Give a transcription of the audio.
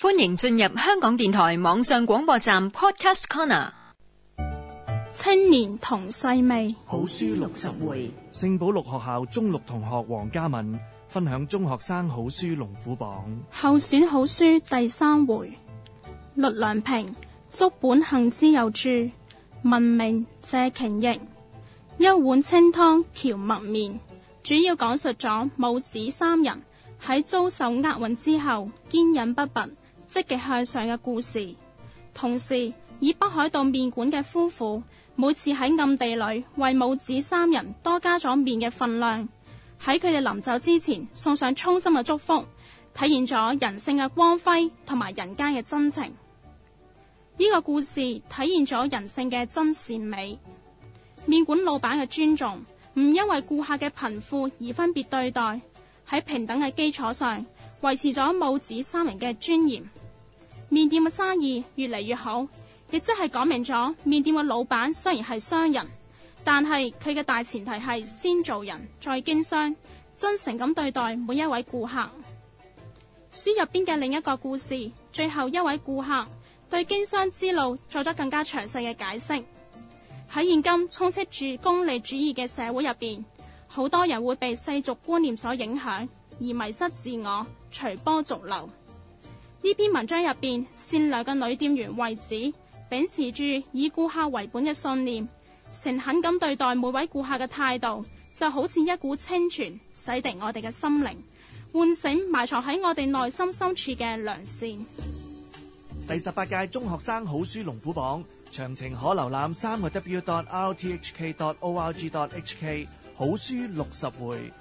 歡迎進入香港電台網上廣播站 Podcast Corner。青年同細味好書六十回，聖保祿學校中六同學黃嘉敏分享中學生好書龍虎榜候選好書第三回，栗良平、竹本幸之佑著，文明、謝瓊譯《一碗清湯蕎麥麵》，主要講述咗母子三人喺遭受厄運之後，堅忍不拔。積極向上嘅故事，同時以北海道麵館嘅夫婦每次喺暗地裏為母子三人多加咗面嘅份量，喺佢哋臨走之前送上衷心嘅祝福，體現咗人性嘅光輝同埋人間嘅真情。呢、這個故事體現咗人性嘅真善美。麵館老闆嘅尊重，唔因為顧客嘅貧富而分別對待。喺平等嘅基礎上，維持咗母子三人嘅尊嚴。麵店嘅生意越嚟越好，亦即係講明咗麵店嘅老闆雖然係商人，但係佢嘅大前提係先做人再經商，真誠咁對待每一位顧客。書入邊嘅另一個故事，最後一位顧客對經商之路做咗更加詳細嘅解釋。喺現今充斥住功利主義嘅社會入邊，好多人會被世俗觀念所影響，而迷失自我，隨波逐流。呢篇文章入邊，善良嘅女店員惠子秉持住以顧客為本嘅信念，誠懇咁對待每位顧客嘅態度，就好似一股清泉，洗滌我哋嘅心靈，喚醒埋藏喺我哋內心深處嘅良善。第十八屆中學生好書龍虎榜，詳情可瀏覽三個 w dot r t h k dot o r g dot h k。好書六十回。